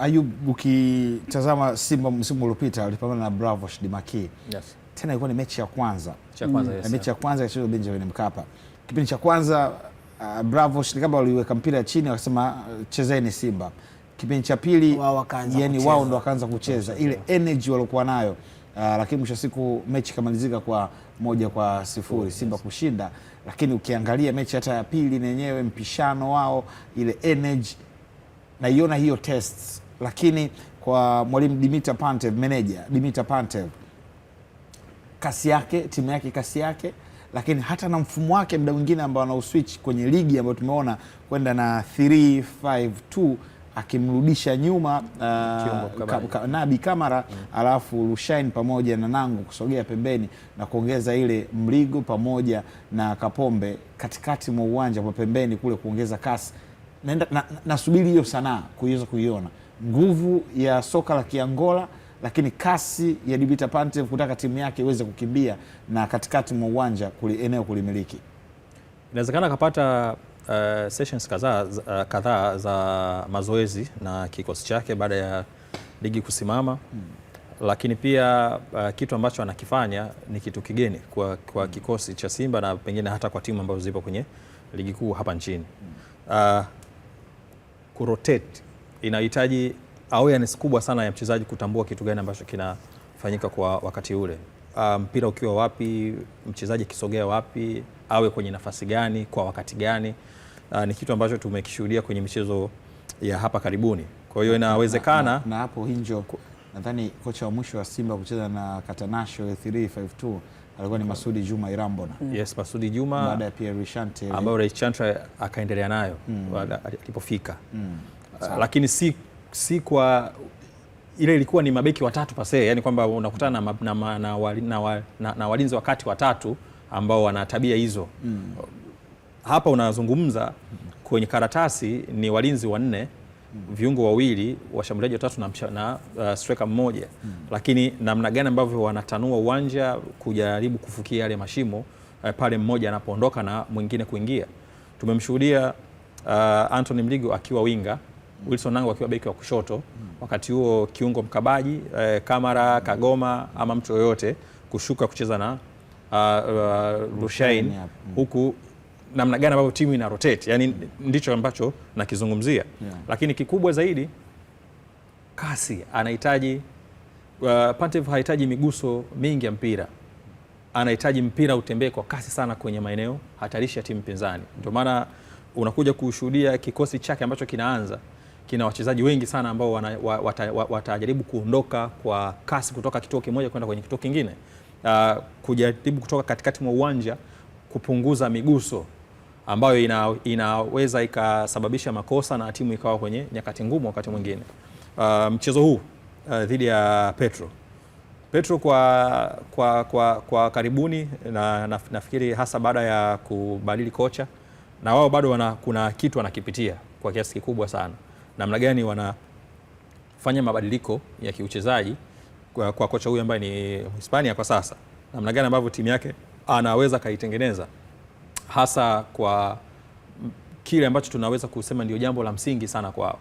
Ayub, ukitazama Simba msimu uliopita walipambana na Bravo Shidimaki. Yes. Tena ilikuwa ni mechi ya kwanza, cha kwanza mm. Yes, mechi ya kwanza ya Benjamin Mkapa. Kipindi cha kwanza uh, Bravo Shidimaki waliweka mpira chini wakasema uh, chezeni Simba. Kipindi cha pili wao wakaanza, yani wao ndo wakaanza kucheza ile energy waliokuwa nayo uh, lakini mwisho siku mechi kamalizika kwa moja kwa sifuri Simba yes. kushinda. Lakini ukiangalia mechi hata ya pili yenyewe mpishano wao ile energy naiona hiyo tests lakini kwa mwalimu Dimitar Pantev, meneja Dimitar Pantev, kasi yake, timu yake, kasi yake, lakini hata na mfumo wake mda mwingine ambao uswitch kwenye ligi ambayo tumeona kwenda na 352 akimrudisha nyuma uh, ka, ka, Nabi Kamara mm. Alafu Lushain pamoja na Nangu kusogea pembeni na kuongeza ile Mligo pamoja na Kapombe katikati mwa uwanja kwa pembeni kule kuongeza kasi. Nasubiri na, na hiyo sanaa kuiweza kuiona nguvu ya soka la Kiangola, lakini kasi ya Dibita Pantev kutaka timu yake iweze kukimbia na katikati mwa uwanja kuli, eneo kulimiliki. Inawezekana akapata uh, sessions kadhaa uh, kadhaa za mazoezi na kikosi chake baada ya ligi kusimama hmm. Lakini pia uh, kitu ambacho anakifanya ni kitu kigeni kwa, kwa hmm. kikosi cha Simba na pengine hata kwa timu ambazo zipo kwenye ligi kuu hapa nchini hmm. uh, kurotate inahitaji awareness kubwa sana ya mchezaji kutambua kitu gani ambacho kinafanyika kwa wakati ule, ah, mpira um, ukiwa wapi, mchezaji akisogea wapi, awe kwenye nafasi gani kwa wakati gani. Uh, ni kitu ambacho tumekishuhudia kwenye michezo ya hapa karibuni, kwa hiyo inawezekana na hapo hinjo nadhani kocha wa mwisho wa Simba kucheza na Katanasho 352 alikuwa ni Masudi Juma Irambona. Mm. Yes, Masudi Juma baada ya Pierre Richante ambayo Richante akaendelea nayo mm. alipofika mm. Lakini si, si kwa ile ilikuwa ni mabeki watatu pase, yani kwamba unakutana na, na, na, na, na, na walinzi wakati watatu ambao wana tabia hizo mm. Hapa unazungumza kwenye karatasi ni walinzi wanne mm. viungo wawili, washambuliaji watatu na, na uh, striker mmoja mm. Lakini namna gani ambavyo wanatanua uwanja kujaribu kufukia yale mashimo uh, pale mmoja anapoondoka na mwingine kuingia. Tumemshuhudia uh, Anthony Mligo akiwa winga Wilson Nangu akiwa beki wa kushoto, wakati huo kiungo mkabaji eh, Kamara, Kagoma ama mtu yoyote kushuka kucheza na uh, uh, Rushain mm. huku namna gani ambavyo timu ina rotate yani, mm. ndicho ambacho nakizungumzia yeah. Lakini kikubwa zaidi kasi anahitaji uh, Pantev hahitaji miguso mingi ya mpira, anahitaji mpira utembee kwa kasi sana kwenye maeneo hatarishi ya timu pinzani. Ndio maana unakuja kushuhudia kikosi chake ambacho kinaanza kina wachezaji wengi sana ambao watajaribu wata, wata kuondoka kwa kasi kutoka kituo kimoja kwenda kwenye kituo kingine. Uh, kujaribu kutoka katikati mwa uwanja kupunguza miguso ambayo ina, inaweza ikasababisha makosa na timu ikawa kwenye nyakati ngumu wakati mwingine. Uh, mchezo huu uh, dhidi ya Petro Petro kwa, kwa, kwa, kwa karibuni na, na, nafikiri hasa baada ya kubadili kocha na wao bado wana, kuna kitu wanakipitia kwa kiasi kikubwa sana namna gani wanafanya mabadiliko ya kiuchezaji kwa, kwa kocha huyu ambaye ni Hispania kwa sasa, namna gani ambavyo timu yake anaweza akaitengeneza hasa kwa kile ambacho tunaweza kusema ndio jambo la msingi sana kwao.